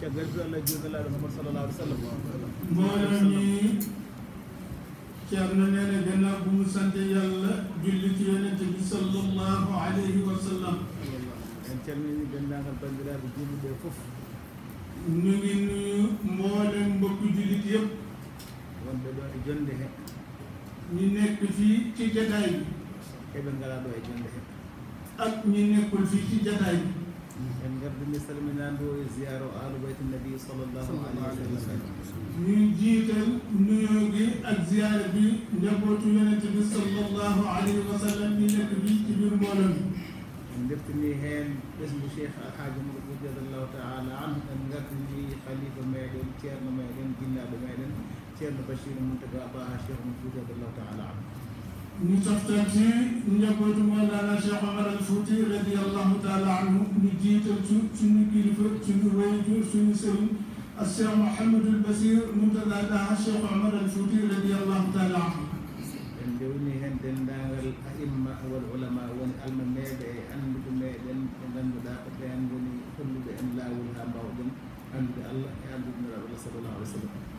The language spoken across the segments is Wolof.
ca gërëm la jërë nga laal Muhammad sallallahu alayhi wa sallam. mbooloo na bu mu sant yàlla julli ci yonente bi alayhi wa sallam. en calmini denndaangal banndiraaɓe julliɓe fof no ngi nuyu mboolem bi eɓe ngalaa ɗo nekkul fii ci jataay bi en gardini salminandu e ziyaro alu beyte nabi sallllahu alayhi wa sallam ñuy jiital nuyoo gi ak ziyaar bi njabootu yonente bi sallallahu alayhi wa sallam ñi nekk bi ci biir mbooloo mi en deftini heen ɓesngu cheikh alhaji moudo fouti radiallahu taala anhu en gardini khalifa meɗen ceerno meɗen jinnaɓe meɗen ceerno bachir mountaga baha cheikh moudo fouti radiallahu taala anhu ñu toftal ci njabootu Mawlana Cheikh Omar al Fouti radiyallahu taala anhu ñu jiital ci suñu kilifa suñu wayjur suñu sëriñ ak Cheikh Mouhamadul Basir Murtada Daha Cheikh Omar al Fouti radiyallahu taala anhu en dewni hen dendagal aimma wal ulama woni almameɓe e annduɓe meɗen ɓe ngannduɗa ko ɓen woni holluɓe en laawol ha mbawɗen anndude allah e anndude nuraɓe allah sallallahu alih w sallam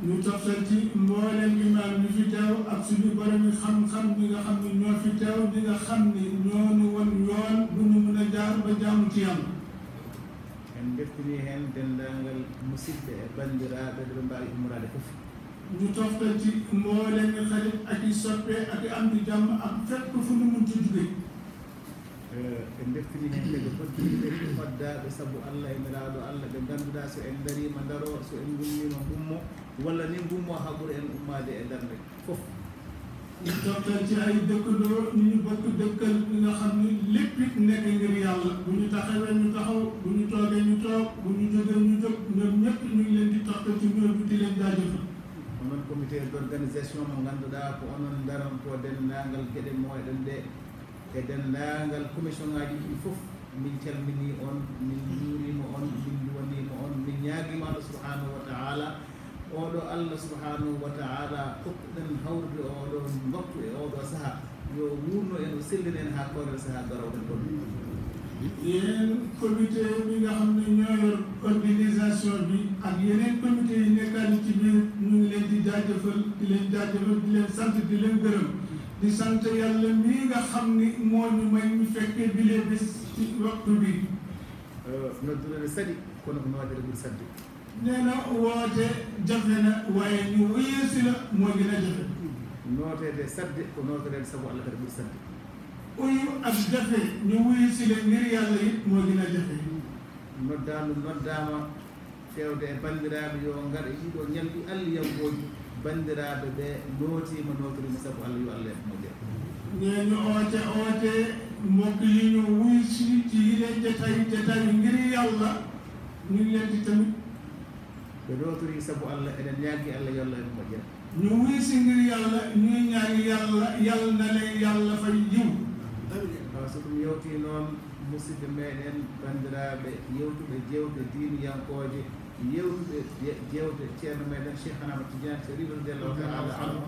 ñu jox leen ci mboolem imaam ñu fi teew ak suñu borom yi xam-xam ñi nga xam ne ñoo fi teew ñi nga xam ne ñoo ñu won yoon bu ñu mën a jaar ba jaamu ci yàlla en deftini hen dendagal musidɓe e bandiraɓe ɗoɗo mbawi ummorade foof ñu toftati mboolem xarit ak i soppe ak i am di jàmm ak fekk fu nu mun ci jugee ɓe deftinimɓe ɓe pottinimɓe foddaɓe saabu allah e miraɗo allah ɓe ganduɗa so en darima daro so en gummima gummo walla ni gummo ha ɓuura en ummade e darde foof ñu toftal ci ay dëkkandoo ñu ñu bokk dëkkal li nga xam ni lépp it nekk ngir yàlla bu ñu taxawee ñu taxaw bu ñu toogee ñu toog bu ñu jógee ñu jóg ñoom ñëpp ñu ngi leen di toftal ci ñoom di leen jaajëfal onon comité d' organisation mo ganduɗa ko onon daran ko dendagal gueɗe moɗon ɗe e denndaangal commission ŋaaji ɗi fof min calminii on min juuriima on min duwaniima on min ñaagiima allah subahanahu wa taala oɗo allah subahanahu wa taala hokkuɗen hawrude oɗo waktu e oɗo sahaa yo wuurno en o sellin en haa koorel sahaa garawɗen ɗon yéen comité bi nga xam ne ñoo yor organisation bi ak yeneen comité yi nekkaani ci biir ñu ngi leen di jaajëfal di leen jaajëfal di leen sant di leen gërëm di sant yàlla mii nga xam ni moo ñu may ñu fekkee bile bés ci waxtu bi. noddulere sadi kono ko nowaadere ɓuri sadde nee na woote jafe na waaye ñu wuyesi la moo gën a jafe nooteede sadde ko nootereede sabu allah kadi ɓuri sadde uyu ak jafe ñu wuyesi la ngir yàlla it moo gën a jafe noddaandu noddaama fewde e banndiraaɓe yo ngaɗa yiɗoo ñalɗi allah yawgooji bandiraɓe ɓe lootima nootorima sabu allah yo allah yatmo jam neni oote oote mokkilino wuysi jihileje tawi te tawi ngiri allah min lendi tamit ɓe lootori sabu allah eɗen ñaagui allah yo allah yatmo jam ñu wuysi ngiri allah ñu ñaagi yalla yalnale yalla fay yiw so ɗum yewti noon musidɓe meɗen bandiraɓe yewtuɓe jewɓe diiniyankoje يود يود تيانا ميدان شيخنا متجان شريف رضي الله تعالى عنه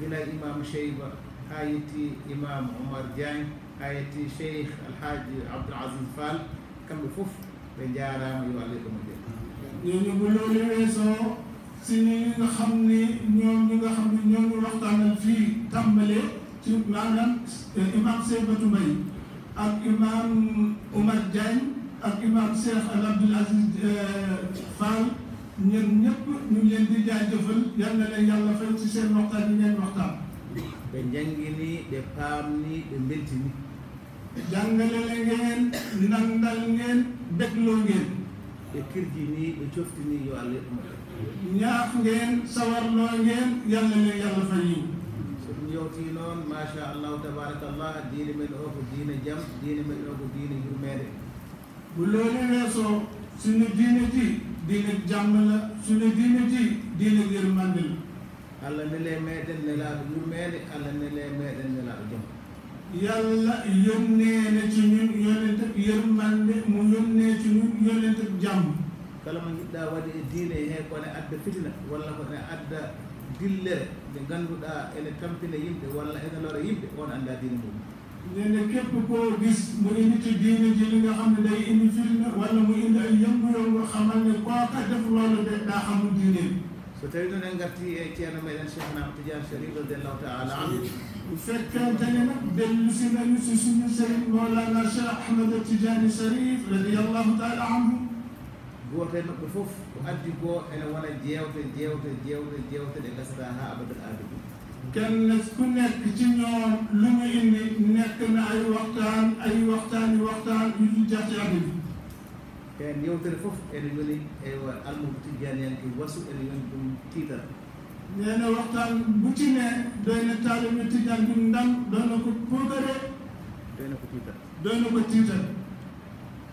قلا إمام شيبة هايتي إمام عمر جان هايتي شيخ الحاج عبد العزيز فال كم بفوف بنجارة يواليكم الجنة ñooñu bu loolu weesoo si ñi nga xam ne ñoom ñi nga xam ne waxtaanal fii tàmbale ci maanaam imam Seybatu Mbay ak imam Oumar Diagne ak imam Cheikh al Abdoul Aziz euh, Fall ñun ñëpp ñu ngi leen di jaajëfal yal na leen yàlla fay ci seen waxtaan yi ngeen waxtaan. ɓe janngini ɓe paamni ɓe mbeltini janngalele ngeen nanndal ngeen begloo ngeen ɓe kirjini ɓe coftini yo allah yeɗɗuma ñaaf ngeen sawarloo ngeen yalla le yalla fayi soɗum yewtii noon machallahu tabaraka llah diine men o ko jam diine men o ko diine yurmeede bu loolu weesoo suñu diine ji diine jàmm la suñu diine ji diine yërmande la allah ne lee meeɗen nelaaɗo yummeede allah ne lee meeɗen nelaaɗo jom yàlla na ci ñun yónnent ak yërmande mu yónnee ci ñun yónnent ak jàmm kala mo jiɗɗa waɗi e diine hee kone adda fitina walla kone adda dillere nde ngannduɗaa ene tampina yimɓe walla ene lora yimɓe on annda diine mum nee na képp koo gis muy nitu diine ji li nga xam ne day indi firnde wala mu indi ay yëngu-yëngu xamal ne kooka def loolu de daa xamul diine so tawi ɗon en garti e ceerno meɗen cheikhna tidiane sharif radiallahu taala anu fekkente ne nag dellusi nañu si suñu sëriñ moolana cheikh ahmad tidiane sharif radiallahu taala anhu gooto e maɓɓe fof ko addi goo ene wona jeewte jeewte jeewte jeewte ɗe gasata ha abadal abid kenn ku nekk ci ñoom lu mu indi nekk na ay waxtaan ay waxtaani waxtaan yu ñu jar ci àddina bi ken yewtere fof ene weli e almubu tijjaniyanke wasu ene woni ɗum tiital nee na waxtaan bu ci ne doy na taalibe tijjaan bi ndam doy na ko pogare doy na ko tiital doy na ko tiital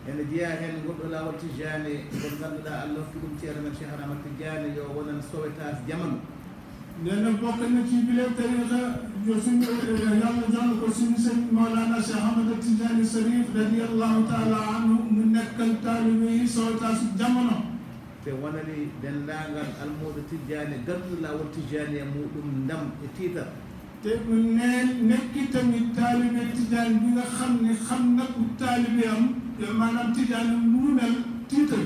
ene jeeya heen goɗɗo laawol tijjaani mo ngannduɗaa allah hokki ɗum ceerno men cheikh ahmad tijjaani yo wonan sowetas jamanu لأن بوكنا كي بلاد تريغا يوسم يلا وسيم سيد مولانا شيخ أحمد التجاني الشريف رضي الله تعالى عنه من نكل تعليمه صوتا سجمنا te wonani dendagal almuɗo tijjani ganduɗo lawol tijjani e muɗum ndam e tiital te ɗum ne nekki tamit taalibe tijjani bi nga xam ne xam na ku taalibe am maanaam tijjani muumel tiital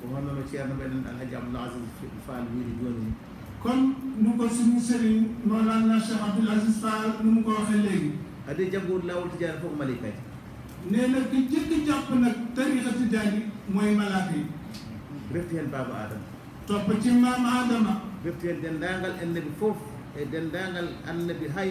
ko honnono ceerno meɗen alhaji abdoul asis fall wiiri joni kon nu ko suñu sëriñ Mawlana Cheikh Abdoul Aziz Fall nu mu ko waxee léegi. hade jàngoor laawul tijaan foog malaaka yi. nee na ki jëkk jàpp nag tariixa tijaan yi mooy malaaka yi. refti heen baaba adama. topp ci maam adama. refti heen denndaangal annabi e denndaangal annabi haa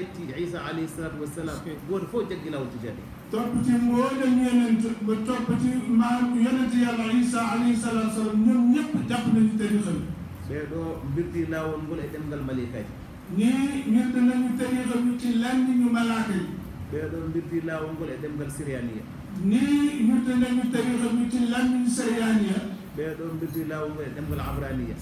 Isa alayhi salatu wassalam gooto fof jaggi laawul tijaan yi. topp ci mboolem yonent ba topp ci maam yonent yàlla Isa alayhi salatu wassalam ñoom ñëpp jàpp nañu tariixa bi. ɓe ɗo mbirti lawol ngol e ɗemgal malikaji ni wirde nañu tariqa witti landiñu malaaka yi ɓe ɗo mbirti lawol ngol e ɗemgal siriyaniya ni wirde nañu tariqa witti landiñu siriyaniya ɓe ɗo mbirti lawol ngol e ɗemgal abraniya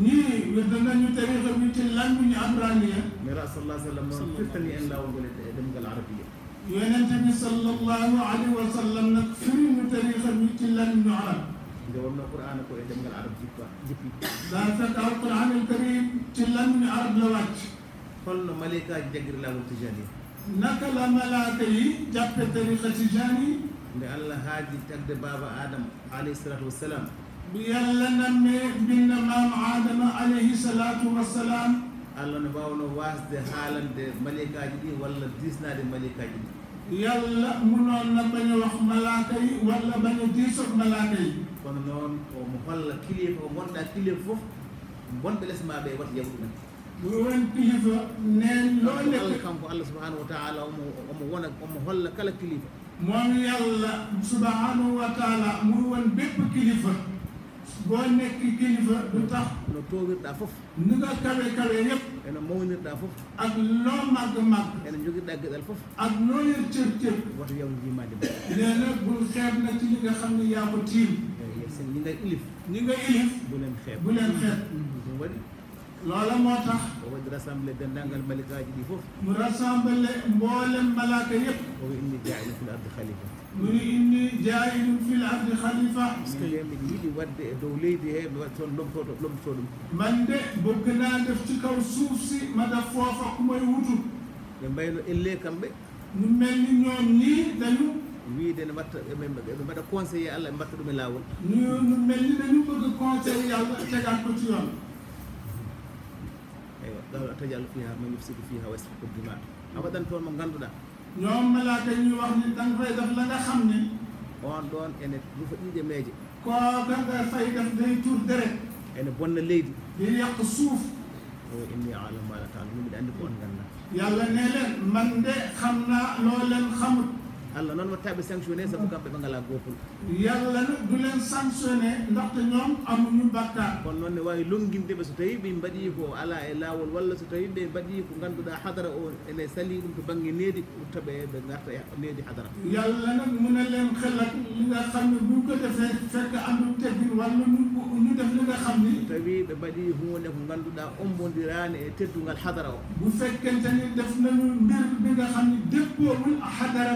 ni wirde nañu tariqa witti landiñu abraniya mi ra sallah sallam noon firtani en lawol ngol e ɗemgal arabiya yonente bi sallallahu alayhi wa sallam جاوبنا القرآن كو إنت العرب جيبا جيبا دانسا تاو القرآن الكريم تلن من عرب لواج كل ملكة جگر له تجاني نكلا ملاكي جاب طريقة تجاني لأن الله هاجي تقد بابا آدم عليه الصلاة والسلام بيالا نمي بن مام آدم عليه الصلاة والسلام الله نباونا واسد حالا دي ملكا جدي ولا ديسنا دي ملكا جدي يلا منو نبني وخ ملاكي ولا بني ديسو ملاكي kono noon omo holla kilifa ko gonɗa kilifa fof gonɓe less ma ɓe wat yawru men won kilifa nen lolle kanko allah subahanahu wa taala omo omo wona omo holla kala kilifa moom yàlla subahanahu wa taala mu won bépp kilifa boo nekk kilifa du tax no toowirɗa fof ni nga kawe kawe yépp eno mawnirɗa fof ak loo màgg màgg eno jogirɗa geɗal fof ak loo yer cër cër woto yaw jimade ma nee na bul xeeb na ci li nga xam ne yaa ko tiim sen ñi ngay ilif ñi ngay ilif bu len xeb bu leen xeeb ñum wari loola moo tax booba di rassemblé dendangal malikaaji di fof mu rassemblé mboolem malaaka yëpp booba indi jaayilum fil ard khalifa mu ni indi jaayilum fil ardi xalifa ni di wadde e dow leydi he mi waton lom lomtoto lom ɗum man de bëgg na def ci kaw suuf ci ma def fofa ku may wutu ɓe mbayno elle kambe mu melni ñoom ñi dañu wiide ne watta eɓe e mbaɗa conseillé allah ɓe mbatta ɗum e laawol no melli dañu bëgg conseillé yàlla tegaan ko ci yoon eywa gawla tajalu fiha man yufsidu fiha wa yasfiku dima a waɗan toon mo ngannduɗaa ñoom malaaka ñuy wax ni danga fay def day tour deret ene bonna leydi di yàq suuf o oh, inni alamu ala taala min mbiɗa anndi ko on nganndaa yàlla ne leen man de xam naa loo xamut Allah non mo tàbbi sanctionné sa bu kambe nga la góoful yàlla nag du len sanctionné ndax te ñom amu ñu bàkkaar kon non ne way lu longinde ɓe su tay bi mbadi ko ala e lawol wala su tay be mbaɗii ko da hadara o ene salii ɗum to bangi needi u tabe be ngarta e needi hadara yàlla nak mu ne len xelat li nga xamni bu ko defé fekk andum teggin wala ñu ñu def li nga xam ni tawi ɓe mo ne ko da ombondirane e teddu teddungal hadara o bu fekkante ni def na nañu mbir bi nga xamni ne déppoo mun hadara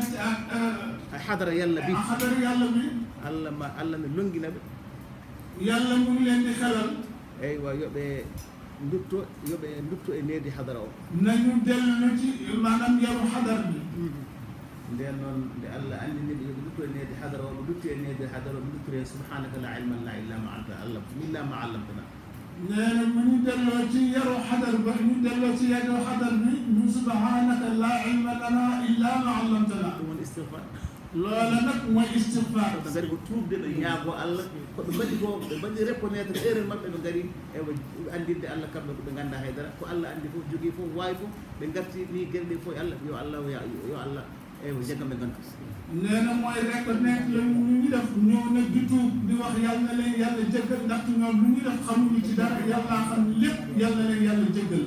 حضر يلا بيت حضر يلا بيت الله ما الله نلونج نب يلا مو لين دخل أيوة يب نبتو يب نبتو إني دي حضره نجوم دل نجي ما نم يا حضر لأن الله أن النبي يبدو أن يدي حضر وبدو أن يدي حضر وبدو أن سبحانك لا علم لا إلا ما أنت علم إلا ما علمتنا لأن من دلوتي يرو حضر ومن دلوتي يدو حضر من سبحانك لا علم إلا ما علمتنا istihfar loola nak mo istihfar ɓe gari ko tuubde ɓe ñaago allah ko ɓe mbaɗi koo ɓe mbaɗi reponnaitre heure maɓɓe ɓe ngari ewa andinde allah kamɓe ko ɓe ngannda haydara ko allah anndi fof jogii fof waawi fof ɓe ngarti ni gere ɗe fof e allah yo allah yo allah eyo jeggam ɓe ngantu neena mooye reconnaitre le luñi def ñoo ne jutuub ndi wax yalna leen yàlla jëggal ndaxte ñoo lu ñu def xamuñu ci dara yàlla xam lépp yàlla leen yàlla jëggal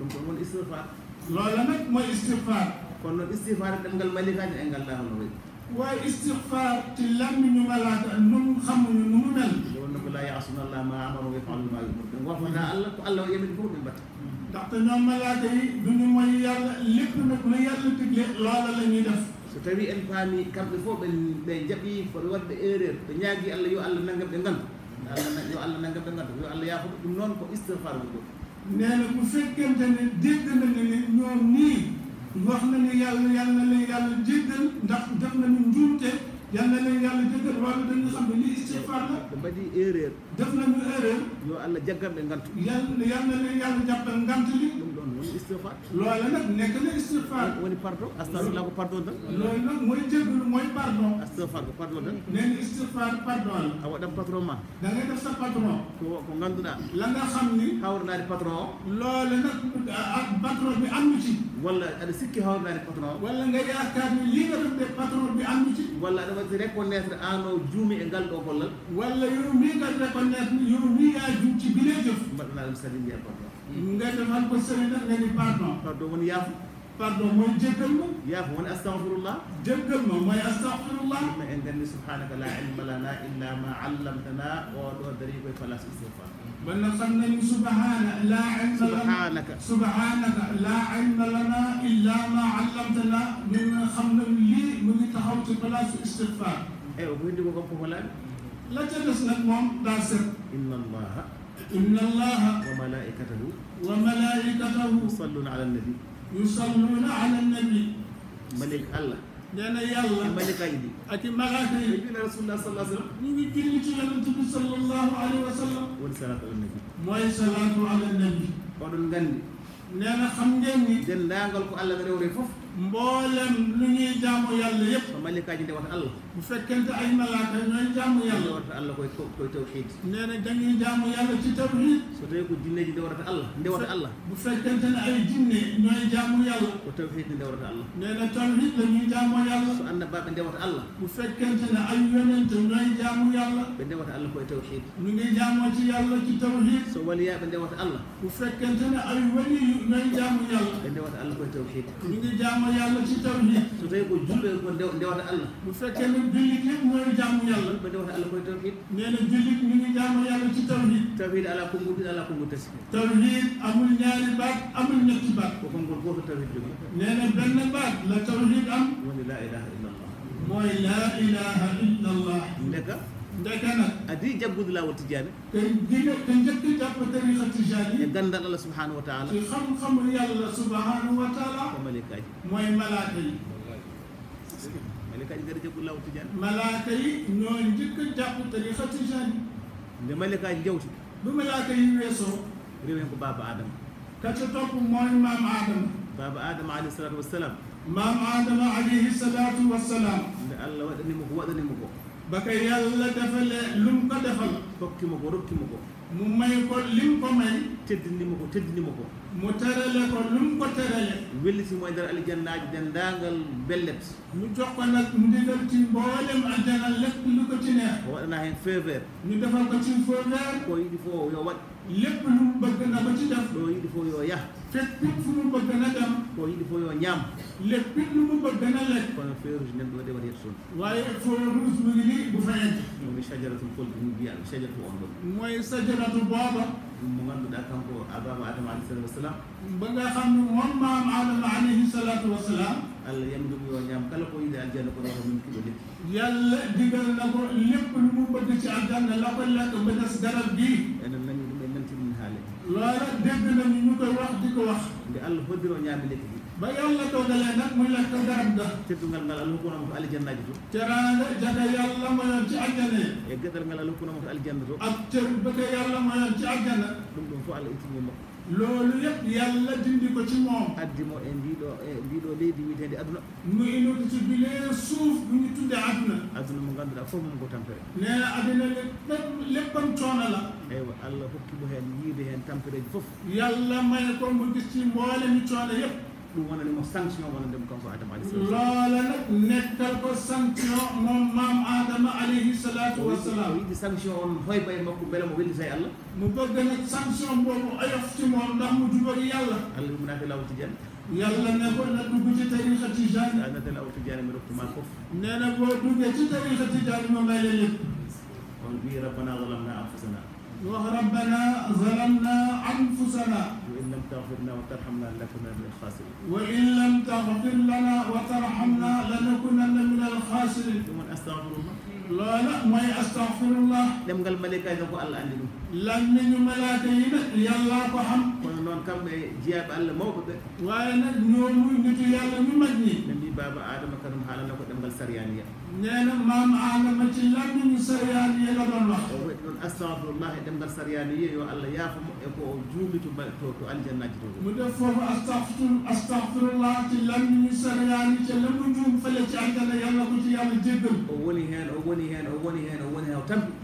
ɗum kon moon istihfar loola nag mooy istihfar kon non istighfar e ɗemngal malikaji engal la laamu way wa istighfar tilam ni malata malaaka ɗum xamuñu nu mel nde na la yasuna allah ma amaru wa yafalu ma yumur ɓe wafata allah ko allah o ko fof bat mbatta te non malata yi du duñu moy yàlla lépp nak lu yàlla digle lola la ñuy def so tawi en paami kamɓe fo be be jabi fo wadde erreur ɓe ñaagui allah yo allah nangam ɓe nganndu allah yo allah nangam ɓe nganndu yo allah yafuɓe ɗum non ko istighfar ko ɗo ku na bu dégg na ni ñoom nii wax nañu yàlla yàlla na leen yàlla jéggal ndax def nañu njuumte yàlla na leen yàlla jéggal wala dañu xam ne lii istighfar la. dafa di erreur. def nañu erreur. yoo àlla jaggal de ngant. yàlla yàlla na leen yàlla jàppal ngant li. loolu mooy istighfar loolu nag nekk na istighfar woni pardon astafirlah ko pardon tan loolu nag mooy jéggalu mooy pardon astafar ko pardon tan nee na istighfar a waɗat patron ma da ngay def sa patron ko ko ngannduɗa la nga o loolu nag ak patron bi am ci walla aɗa sikki hawranaade patron o walla nga yaakaar ni ci walla aɗa waɗi reconnaître an o juumi e ngal ɗo gollal walla yo ngal reconnaître yo mbi yaa juum ci bile jëf mbaɗanaa ɗum sadi mbiya patron ndeke man ko sëriñ nag nga ni pardon pardon won yaafu pardon mooy jéggal ma yaafu won astaghfirullah jéggal ma mooy astaghfirullah ma indani subhanaka la ilma lana illa ma allamtana o ɗo dari koye falas istigfar walla xam nañu subhana la ilma subhanaka subhanaka la ilma lana illa ma allamtana min xam nañu lii mu ngi taxaw ci falas istigfar eyi o ko hindi ko goppo ko laaɓi la ca des nag moom daa set inna allaha إن الله وملائكته وملائكته يصلون على النبي يصلون على النبي ملك الله لأن يلا ملك أيدي أتي ما غادي نبينا رسول الله صلى الله عليه وسلم نبي كلمة على النبي صلى الله عليه وسلم والصلاة على النبي ما الصلاة على النبي قرن جندي لأن خمدني جندي أنقلك الله دري وريفوف mboolem lu ñuy jaamu yàlla yépp so malaikaaji nde wata allah bu fekkente ay malaaka ñooy jaamu yàlla warata allah koy koy tawxiid nee na dañuy jaamu yàlla ci tawxiid so tawi ko jinne ji nde warata allah nde wata allah bu fekkente ne ay jinne ñooy jaamu yàlla ko tawxiid nde warata allah nee na tawxiid la ñuy jaamu yàlla so annabaaɓe nde wata allah bu fekkente ne ay yonente ñooy jaamu yàlla ɓe nde wata allah koye tawxiid ñu ngi jaamoo ci yàlla ci tawxiid so waliyaaɓe nde wata allah bu fekkente ne ay waliyu ñooy jaamu yàlla ɓe nde wata allah koye tawxiid ñu ngi jaamu jaamu yàlla ci tawhid so tawi ko julɗo ko ndewata allah bu fekkee ne jullit yëpp mooy jaamu yàlla ko ndewata allah koye tawhid nee na jullit ñu ngi jaamu yàlla ci tawhid tawhid ala ko nguɗiɗo ala ko ngu tasi tawhid amul ñaari baat amul ñetti baat ko kon kon goto tawhid jogi nee na benn baat la tawhid am woni la ilaha illa allah mooy la ilaha illa allah ndeka دايتانا أدي جاب قد الله والتجاني كن جبت جاب طريقة تجاني يقند الله سبحانه وتعالى في خم خم الله سبحانه وتعالى وملك أجي موي ملاكي ملك أجي غير جاب الله والتجاني ملاكي نون جك جاب طريقة تجاني ده ملك أجي جوتي بملاكي يسو ريوين بابا آدم كتتوك موي مام آدم بابا آدم عليه الصلاة والسلام مام آدم عليه الصلاة والسلام الله وقت نمو وقت نمو ba ko yàlla defalee lu mu ko defal tokki ma ko rokki ma ko mu may ko lim ko may tëdd ni ma ko tëdd ni ma ko mu terale ko lu mu ko terale welliti mooy dara aljannaaji dendaangal bellet ñu jox ko nag ndigal ci mboolem aljana lépp lu ko ci neex o waɗanaa heen feever ñu defal ko ci feever ko yiɗi fof yo waɗ lépp lu mu bëgg na ko ci def ɗo yiɗi fof yo yah fekk fu mu bëgg na ko yiɗi fof yo ñaam leppi ɗumo ko danalek kono feeruji nen ɗo waɗe waɗi yetto toon way feerus wigini ɗo fayante ɗumi sajaratul folde ɗum mbiya sajaratu on ɗon moye sajaratu booba mo ngannduɗa kanko ababa adama alayhi salatu wassalam mbaga xamni on mam adama alayhi salatu wassalam allah yamdum yo ñaam kala ko yiɗi aljanna ko ɗoto min kiɗo leppi yalla digal na ko lepp lu mu bëgg ci aljanna la ko lekk mbagas garab bi enen nañ loola dégg nañu ñu koy wax di ko wax nde allah hoddiro ñaami lekki ɗi ba yàlla toogalee nag muy lekk garab ga teddugal ngal ala hokkunoma ko aljannaji to teraanga jaga yàlla mayoon ci àjjana e geɗal ngal ala hokkunoma ko aljanna to ak cër bëgg yàlla mayoon ci àjjana ɗum ɗum fof allah ittini makko loolu yëpp yàlla dindi ko ci moom addi mo e ndiɗo e ndiɗo leydi wiitede aduna no inude to bilee suuf bu ñu tudde aduna aduna mo ngannduɗa fof mum ko tampere ne aduna leppam coono la eywa allah hokki mo heen yiide heen tampereji fof yàlla may ko mo gis ci mboole mi coono yëpp ɗum wonani mo sanction wonande mo kanko adama alayhi salam loola nag nekkal ko sanction moom maam adama alayhi salatu wasalam wiide sanction on hoy baye makko beele mo wellita e allah mo bëgg nag sanction boobu ayof ci moom ndax mu jubal yàlla allah ɗumnaka law tidiane yàlla ne ko na dugg ci tarixa tidiane anade law tidiane mi rottuma foof nee na boo duggee ci tarixa tidiane mo may la lépp on wi rabbana zalamna anfusana wax rabbana zalamna anfusana تغفر لنا وترحمنا لنكن من الخاسرين وإن لم تغفر لنا وترحمنا لنكن من الخاسرين من أستغفر الله لا لا ما أستغفر الله لم قال ملك أيضا الله عندنا lammiñu malaaka yi nag yàllaa ko xam kono noon kamɓe jeyaaɓe allah mawɓe ɓe waaye nag ñoomu nitu yàlla ñu mag ñi ɓe mbi baaba adama kanum haalana ko ɗemngal sariyaniya nee na maam adama ci lammiñu sariyaniya la doon wax o waɗi noon astahfirullah e ɗemngal sariyaniya yo allah yaafumo e ko o juumi to to to aljannaji to mu def foofu astahfir astahfirullah ci lammiñu sariyani ci la mu juum fële ci aljana yàlla ko ci yàlla jéggal o woni heen o woni heen o woni heen o woni heen o tampi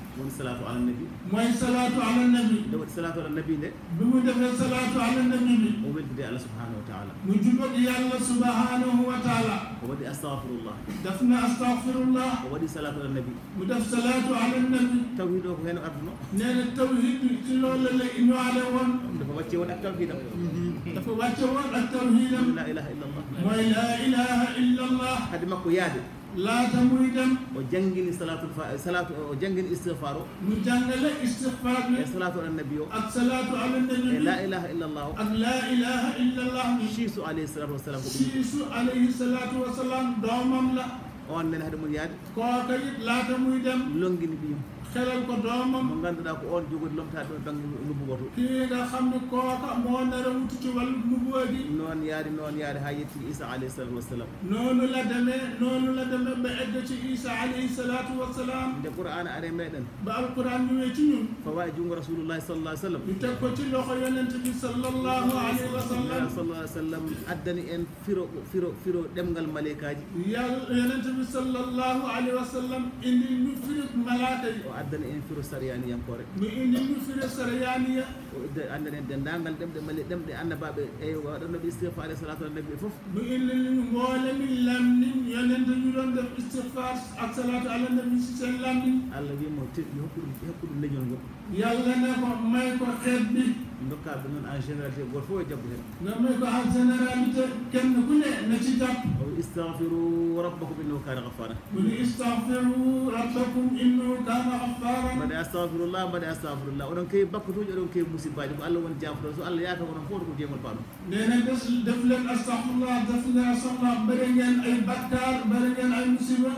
مون صلاه على النبي مون صلاه على النبي دو صلاه على النبي ده بمو دفه صلاه على النبي مومن بدي الله سبحانه وتعالى مجود يا الله سبحانه وتعالى وبدي استغفر الله دفنا استغفر الله وبدي صلاه على النبي مدف صلاه على النبي توحيد هو هنا ادنا نين التوحيد في لول لا انه على وان دفا واتي وان التوحيد دفا واتي وان التوحيد لا اله الا الله لا اله الا الله هذه مكو يادي لا تمويدم وجنجن صلاه الف... صلاه وجنجن استغفار وجنجل استغفار إيه صلاه النبي اك صلاه على النبي إيه لا اله الا الله اك لا اله الا الله شيسو عليه الصلاه والسلام شيسو عليه الصلاه والسلام دوما لا وان من هذا مياد كو لا تمويدم لونجن بيوم kelen ko doomam mo ganduɗa ko on jogori lomtade ɗo banggue nubbugo to kiiga xamni kooka moonere wututi wallu nubboji noon yaari noon yaari ha yetti isa alayhi salatu wassalam noonu la deme noonu la deme ɓe edde ci isa alayhi salatu wassalam nde qur'an are meɗen ba alquran ñuwe ci ñun fawa jungo rasulullahi sallallah sallam ñu teg ko ci loxo yonente bi sallallahu alayhi wa sallam sallallahu sallam addani en firo firo firo ɗemgal maleykaji yal yonente bi sallallahu alayhi wa sallam indi ñu firit malaaka yi addana en firo sariyaniyankoore mi innimi firo sariyaniya nde andana en denndaangal ɗemɗe mali ɗemɗe annabaɓe e waɗannoɓe istihfar e salatu ala nabi fof mi innini ngoolemin lamnin yonente yuɗon def istihfar a salatu ala nabi sisen lamnin allah wimo yo hokku ɗum hokku ɗum leñol ngol yallah ne ko may ko heɓbi ndokka ko noon en généralité goto fof e jaggu hen namne ko en généralité kenno kune nati jabbo o istahfiru rabbakum innahu kana gaffara woni istahfiru rabbakum innahu kana gaffara mbaɗa astahfirullah mbaɗa astahfirullah oɗon kewi bakkutuji oɗon kewi musibbaji mo allah woni jafoto so allah yaka onon fof to ko jeemol paɗum ndene des deflen astahfirullah deflen astahfirullah mbaɗe gen ay bakkar mbaɗe gen ay musiba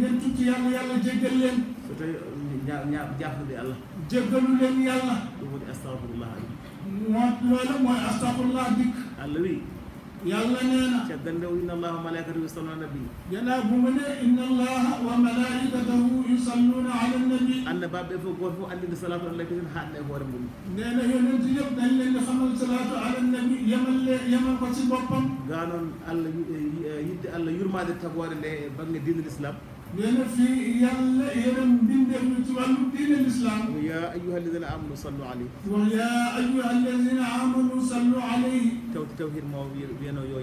gen tukki yallah yallah jeggal len so tawi jafnude allah jeggalulen yallah ɗum woni astahfirullah alim moom loolu mooy astafurlah dikk. àll bi. yàlla nee na. ca dandaw inna allaha wa malaikatahu yusalluna ala nabi. gannaaw bu mu ne inna allaha wa malaikatahu yusalluna ala nabi. allah baabe fo goto fof andinde salatu allah kesen haalna e hoore mum. nee na yonent yëpp dañ leen di xamal salatu ala nabi yemal le yemal ko ci boppam. gaa noon allah yidde allah yurmaade tagore nde e bange diinul islam. ويا أيها الذين آمنوا صلوا عليه ويا أيها الذين آمنوا صلوا عليه تو التوحيد ما بينه يو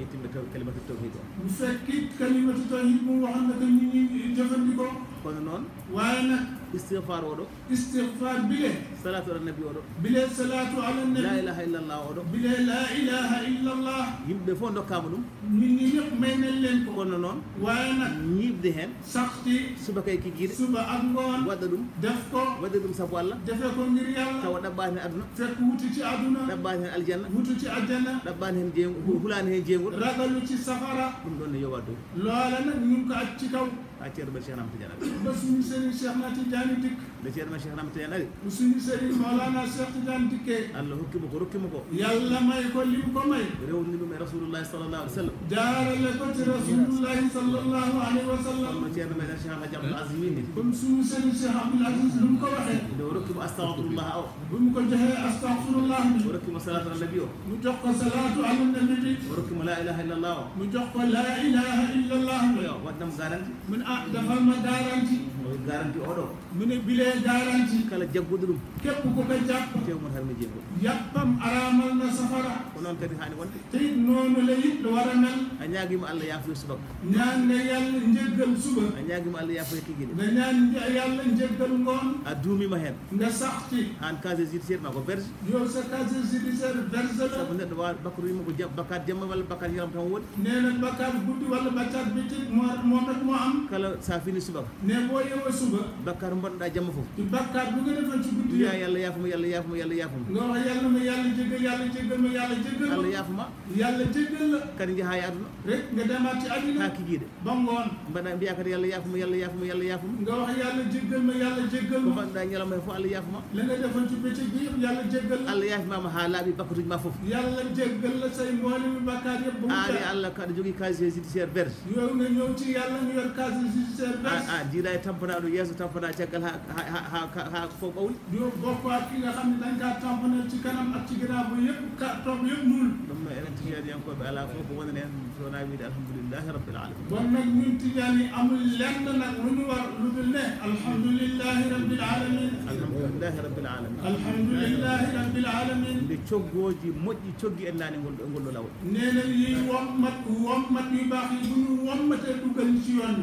كلمة التوحيد مسكت كلمة التوحيد مو عندك مني جفن لكم كنون وانا istighfar oɗo istighfar bile salatu ala nabi oɗo bile salatu ala nabi la ilaha illallah oɗo bile la ilaha illallah yimɓe fof dokkama ɗum minni yep maynel len ko kono noon wayna ñibde hen sakti suba kay kiguiɗe suba ak gon waɗa ɗum def ko waɗa ɗum saabu allah defe ko ngir yalla tawa ɗabbani hen aduna fekk wuti ci aduna ɗabbani hen aljanna wuti ci aljanna ɗabbani hen jeygu hulani hen jeygol ragalu ci safara ɗum ɗon ne yowa dow loola nag ñum ko acci kaw waa Thierno ba Cheikh Ahmad Tidiane ba suñu sëriñ Cheikh Ahmad Tidiane dikk da ceerno cheikh ramata en ari ɗum suñu sëriñ mawlana cheikh tidiane dikke allah hokkimo ko rokkimo ko yalla may ko lim ko may rewni ɗum e rasulullahi sallallahu alih w sallam jaarale ko ti rasulullahi sallallahu alayhi wa sallam holno ceerno meɗen cheikh alhaji abdoul asis winni ɗum suñu sëriñ cheikh abdoul asis ɗum ko waɗe nde o rokkimo astahfirullah o ɗum ko jehe astahfirullah ni o rokkimo salatu annabi o mo jox ko salatu alannabi ɗi o rokkimo la ilaha illallah o mo jox ko la ilaha illallah waɗnamo garanti min a dafalma garanti o garanti oɗo mu ne bilee garanti kala jaggoɗo ɗum keppu ko ɓe jaggo tewmon harmi jeego yaɓɓam aramal no safara ko noon kadi haani wonde tawi noono le yiɗɗo waranal a ñaaguima allah yaafoye subaka ñaande yalla jeggal suba a ñaaguima allah yaafoye kigiɗe nde a yalla jeggal ngoon a duumima heen nde sahti an casier judiciaire ma ko berge yo so casier judiciaire berge la saabu neɗɗo wawa bakkat ko bakkat jamma walla bakkat yaram tan woni nene bakkat guddi walla bakkat bitti mo mo tat mo am kala sa fini subaka ne ɓo mbon daa jàmm foofu. ci bàkkaar bu nga defoon ci guddi yaa yàlla yaafu ma yàlla yaafu ma yàlla yaafu ma. nga wax yàlla ma yàlla jéggal yàlla jéggal ma yàlla jéggal ma. yàlla yaafu ma. yàlla jéggal la. kan njaxaay àdduna. rek nga demaat ci àdduna. xaaki gii de. ba ngoon. mba naa mbi yaakaar yàlla yaafu ma yàlla yaafu ma yàlla yaafu ma. nga wax yàlla jéggal ma yàlla jéggal ma. ba daa ñalam fo àlla yaafu ma. la nga defoon ci bëccëg bi yëpp yàlla jéggal la. àlla yaafu ma ma xaalaa bi bakkatuñ ma foofu. yàlla jéggal la say mboolem bàkkaar yëpp ba mu aari àlla ka da jógi casier judiciaire vierge. yow nga ñëw ci yàlla ñu yor casier judiciaire vierge. ah ah jii daay tampanaadu yeesu tampanaa cag tegal ha ha fof ɓawli yo bokko hakkiga xam ne dañ ka tampanel ci kanam ak ci ginnaaw ba yëpp ka toom yëpp nuul ɗum no enen tijaaniyankoɓe ala fof ko wonan en sowona wiide alhamdulillahi rabbil alamin bon nag ñun tijaani amul lenn nag lu ñu war lu dul ne alhamdulillahi rabbil alamin alhamdulillahi rabbil alamin alhamdulillahi rabbil alamin nde coggoji moƴƴi coggi en naani ngol ngol ɗo lawol nenen yi wommat wommat yu baax yi bu ñu wommatee dugal ci yoon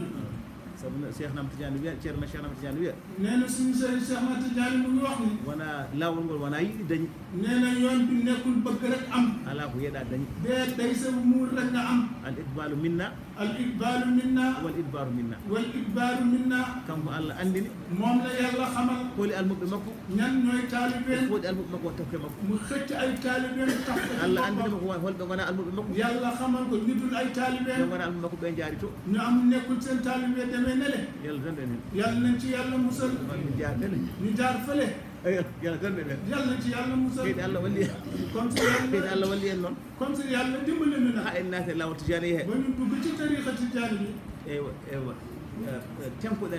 شيخنا متجان ويا شير ما شيخنا متجان ويا نحن سنسير شيخنا متجان ونروحني وانا لا ونقول وانا اي دني نحن يوم بنا كل بكرة أم الله هو يدا دني ده تيسب مور لنا أم الإقبال منا الإقبال منا والإدبار منا والإدبار منا كم الله أندني موم لا يلا خمل قولي المبد مكو نن نوي تالبين قولي المبد مكو تفك مكو مخت أي تالبين تفك الله أندني مكو هول بغنا المبد مكو يلا خمل قول ندل أي طالبين بغنا المبد مكو بين جاري تو نعم نكون سن تالبين دمين نلي يلا زين يلا نجي يلا مسل نجار فله yàlla gën na leen yàlla ci yàlla musal te yàlla walli kon ci yàlla te yàlla walli en noon kon ci yàlla dimbali na na ha en naate law tijani he ba ñu dugg ci tariqa tijani bi eywa eywa تنقذ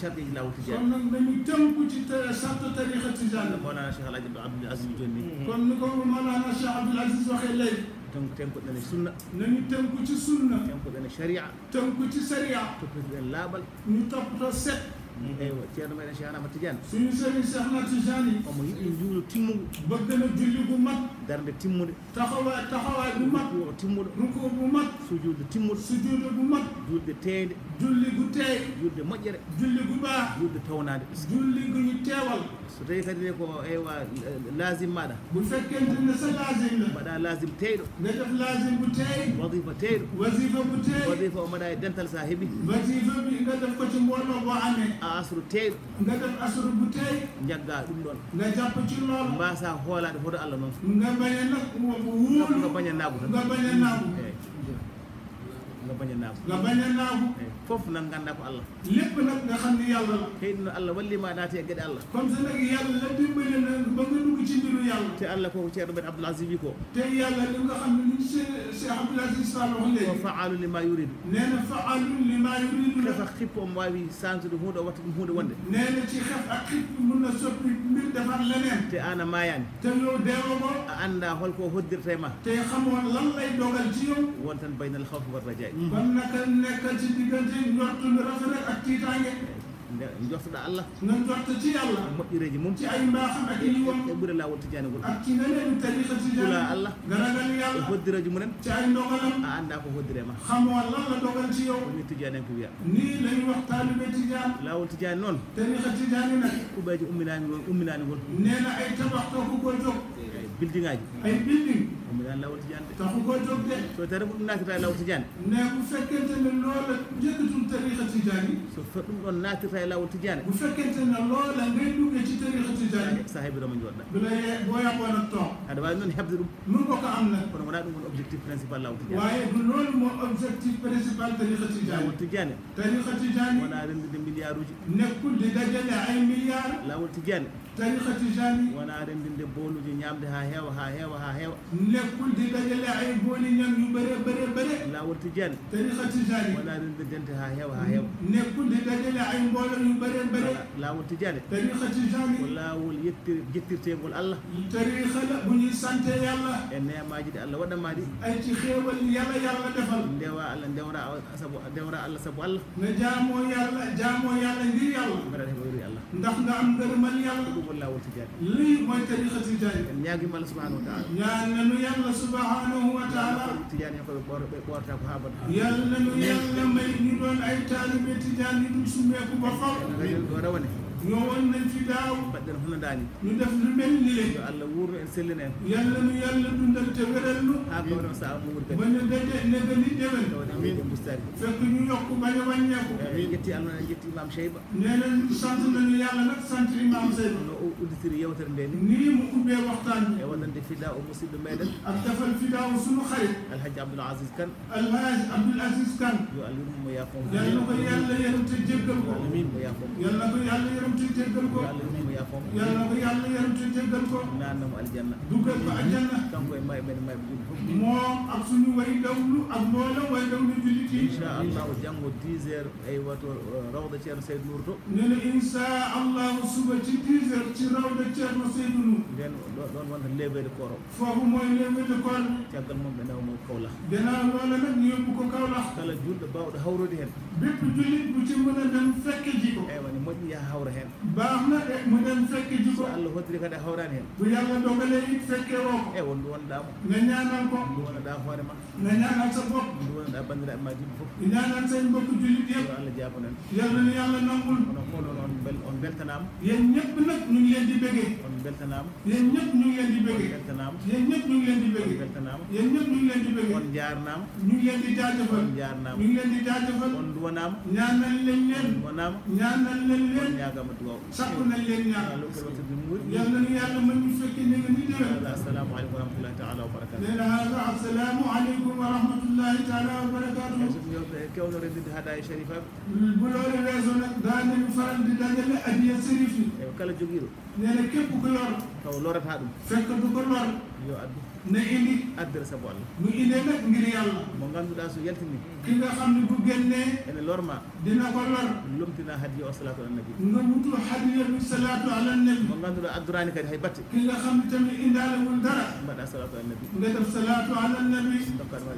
شرط الله تجاه. كنا من تنقذ شرط تاريخ التجاه. مولانا الشيخ عبد العزيز الجني. كنا كنا مولانا الشيخ عبد العزيز وخيلي. تنقذ لنا السنة. نمي تنقذ السنة. تنقذ لنا الشريعة. تنقذ الشريعة. تنقذ لنا اللابل. نتقذ السحر. ceerno meɗen cheikh ahmad tidiane suñu sëriñ cheikh ahmad tidiane yi omo yiɗi juulo timmugo bëgg na julli bu mat darde timmude taxawaay taxawaay bu mat rukuo timmuɗo rukuo bu mat sujuude timmuɗo sujuude bu mat julde teeyde julli gu teey julde moƴƴere julli gu baax julde tawnaade julli gu ñu teewal Eh, so tawi kadi wi ko ewa lasim bu fekkentene so lasim la mbaɗa lasim teyɗo nde def lasim bu tey wasifa teyɗo wasifa bu tey wasifa o mbaɗa e ko ci mbolno go ane a asru teyɗo nga def asru bu tey jagga ɗum ɗon nga jappo ci lool mbasa hoolade hoto allah noon nga baña nak wuulu naagu fof nan ganda ko allah lépp nag nga xam ni yàlla la heydino allah wallima naati e gueɗe allah comme ça nag yàlla la dimbali na ba nga dugg ci mbiru yàlla te allah koko ceerno mbeɗe abdoul asis wi ko te yàlla li nga xam ne ni cheikh abdoul asis sall wax léegi faalu lima yuridu nee na faalu lima yuridu xefa xipp om waawi changedu hunde o watta ɗum hunde wonde nee na ci xef ak xipp mun na soppi mbir defar leneen te ana maayani te yow deewo ko a annda holko hoddirte ma te xamoon lan lay dogal ci yow won tan baynal xawfi war rajayi kon naka nekk ci diggante njort lu rafet ak tiitaange njort da allah na njort ci yàlla moƴƴireeji mum ci ay mbaaxam ak yi won e ci neneen tariqa tijaani kula allah garagal yàlla hoddireeji munen ci ay ndogalam a ah, annda ko hoddirema xamoo lan la dogal ci yow ni tijaanen ko wiya nii lañ wax taalibe tijaan laawol tijaani noon tariqa tijaani nag kuɓeeji umminaani ngol umminaani na ay tabax to ko koy jog ku mu daan lawal tijaan de taxu ko jóg de soo tere bu naatira lawal tijaan ne bu fekkente ne loola njëkkatul tarixa tijaan yi so fa ɗum ɗon naatira lawol tijaan bu fekkente ne loola ngay duggee ci tarixa tijaan yi sahay birama jooɗɗa bila boyakoona toon aɗa waawi noon heɓde ɗum nun ko ko am na kono wonaa ɗum won objectif principal lawol tijaan waaye du loolu moo objectif principal tarixa tijaan lawol tijaan tarixa tijaan wonaa renndide milliard uji nekkul di dajale ay milliard lawol tijaan tawi hati jaami wona arendinde booluji ñamde ha heewa ha heewa ha heewa nekkulde dañale ay ko ni ñam yu bare bare bare laawul tijaan tariqa tijaani wala din diggante ha heew ha heew nekkul di dajale ay mbooloo yu bare bare laawul tijaani tariqa tijaani laawul yettir jettirteegol allah tariqa la bu ñuy sante yàlla e neemaaji ɗi allah waɗanmaaɗi ay ci xéewal yàlla yàlla defal ndewa allah ndewra sabu ndewra allah sabu allah nga jaamoo yàlla jaamoo yàlla ngir yàlla mbaɗa heɓa yori allah ndax nga am ngërëmal yàlla ɗumol laawul tijaani lii mooy tariqa tijaani en ñaagimalla subhanahu wa taala ñaan nanu yàlla subhanahu wa taala yàlla na nu yàlla may ñu doon ay taalibe tijaan yi du summeeku ba xaw no wonnanti daaw mbaɗɗen hono daani no def no mel ni yo allah wuurno en sellina en yalla no yalla ɗumdal te weɗallu haa ko waɗon saha mo wuri kadi wonno dañe negani ɗemen tawde wiide mbustari fekko ñu yokku baña waññe ko en jetti allah en jetti imam cheyba nenen santanano yalla nak santir imam seyba no o udditiri yewtere nde ni ni mo ubbe waxtaan e wonande fida o musidɗo meɗen ak dafal fida o sunu xarit alhaji abdoul asis kan alhaji abdoul asis kan yo allah yurmo mo yafomo yalla ko yalla yeruta jeggal ko amin mo yafomo yalla ko yalla yerum yërëmtu jéggal ko yàlla ko yàlla yërëmtu jéggal ko naanam aljanna dugal ko aljanna kanko e may men may moom ak suñu way dawlu ak mboolem way dawlu jullit yi inchallah jàngo 10 heures ay wato rawda Ceerno Seydou Nour to nee na inchallah suba ci 10 heures ci rawda Ceerno Seydou Nour nden ɗon wonta leeɓede kooro foofu mooy leeɓede koor caggal mum ɓe nawmo kawlax gannaaw loola nag ñu yóbbu ko kawlax kala bu ci mën a dem fekke ji ko moƴƴi yaha hawra heen hen baax na de mo ɗen fekke jiko so allah hoddiri kadi a hawrani hen ko yalla dogale it fekke o ko e won ɗum wonɗa mo ne ñanan ko ɗum wonɗa hoore ma ne ñanan sa bopp ɗum wonɗa bandiraɓe ma jiɗi foof e ñanan sen bokk julit yeb allah jabanan yalla no yalla nangul ono fol on on on beltanama yen ñepp nag ñu ngi leen di bége on beltanama yen ñepp ñu ngi leen di bége beltanama yen ñepp ñu ngi leen di bége beltanama yen ñepp ñu ngi leen di bége on jarnama ñu ngi leen di jaajëfal on jarnama ñu ngi leen di jaajëfal on duwanama ñaanal leen leen wonama ñaanal leen leen ñagama sàkku nañ leen ñaan yal na ñu yàlla mën ñu fekkee ne nga ñu déwén asalaamaaleykum wa rahmatulahi taala wa barakaatu nee na asalaamaaleykum wa rahmatulahi taala wa barakaatu kewlore ndinde haɗa e sharif am bulore réseau nag daane mi faral di dajale adiya sérif yi eyo kala jogiiɗo nee na képp ko yor taw lorata ɗum fekk du ko lor yo addu na indi addere sabu allah no inde nag ngir yàlla mo ngannduɗa so yaltini ki nga xam ne bu lorma dina ko lor lomtina hadiyo o salatu ala nabi nga wutu hadiyo bi salatu ala nabi mo ngannduɗa addurani kadi hay batte ki nga xam ne tamit nabi nga def salatu ala nabi dokkaɗo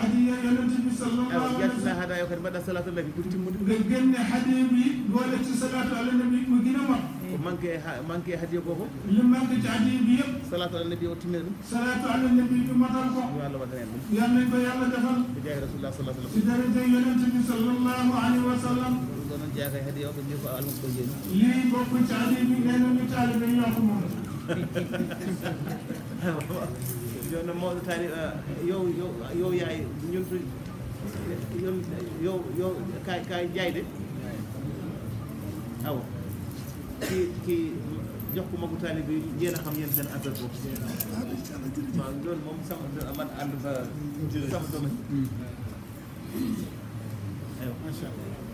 hadiya kadi mbaɗa salatu nabi ɓuuri timmude nga génne hadiya bi boole ci salatu ala nabi mo gina mat ko manqué manqué hadiya koko li manqué ci hadiya bi yëpp salaatu ala nabi o timmina ɗum salaatu ala nabi ɗum matal ko yo allah waɗan en ɗum yo allah ko yo allah defal ko jeeyi rasulullah sa sallam si darade yonente bi sallallahu alayhi wa sallam ɗum ɗo noon jeeyaka e hadiya o ɓe mbi ko almuɓe ko jeeni li bokko ci hadiya bi ɗenoni taalibe yoko mum joni noon mawɗo taari yo yo yo yaay ñuntu yo yo yo kay kay jayde awa kii kii jox ko magu taali bi yéen a xam yéen seen affaire boobu. waaw loolu moom sama man ànd fa. sama domaine. aywa macha allah.